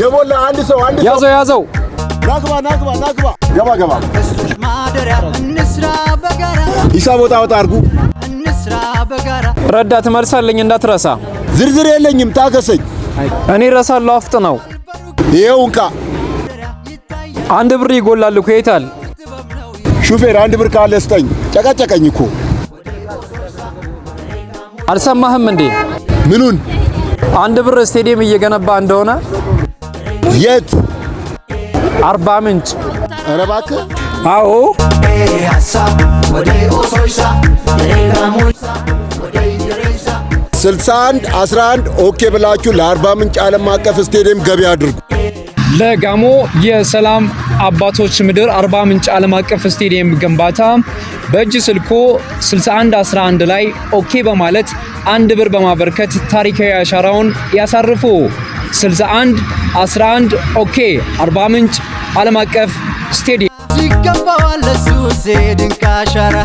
የሞላ አንድ ሰው አንድ ሰው ያዘው ያዘው ናግባ ናግባ ናግባ ገባ ገባ ሂሳብ ወጣ ወጣ አድርጉ ረዳት መልሳለኝ እንዳትረሳ ዝርዝር የለኝም ታገሰኝ እኔ እረሳለሁ አፍጥ ነው ይኸው እንካ አንድ ብር ይጎላል እኮ የታል ሹፌር አንድ ብር ካለ ስጠኝ ጨቃጨቀኝ እኮ አልሰማህም እንዴ ምኑን አንድ ብር ስቴዲየም እየገነባ እንደሆነ የት? አርባ ምንጭ። ኧረ እባክህ! አዎ ስልሳ አንድ አስራ አንድ ኦኬ ብላችሁ ለአርባ ምንጭ ዓለም አቀፍ ስቴዲየም ገቢ አድርጉ። ለጋሞ የሰላም አባቶች ምድር አርባ ምንጭ ዓለም አቀፍ ስቴዲየም ግንባታ በእጅ ስልኮ 6111 ላይ ኦኬ በማለት አንድ ብር በማበርከት ታሪካዊ አሻራውን ያሳርፉ። 61 11 ኦኬ አርባ ምንጭ ዓለም አቀፍ ስቴዲየም ይገባዋል ለሱ ድንቅ አሻራ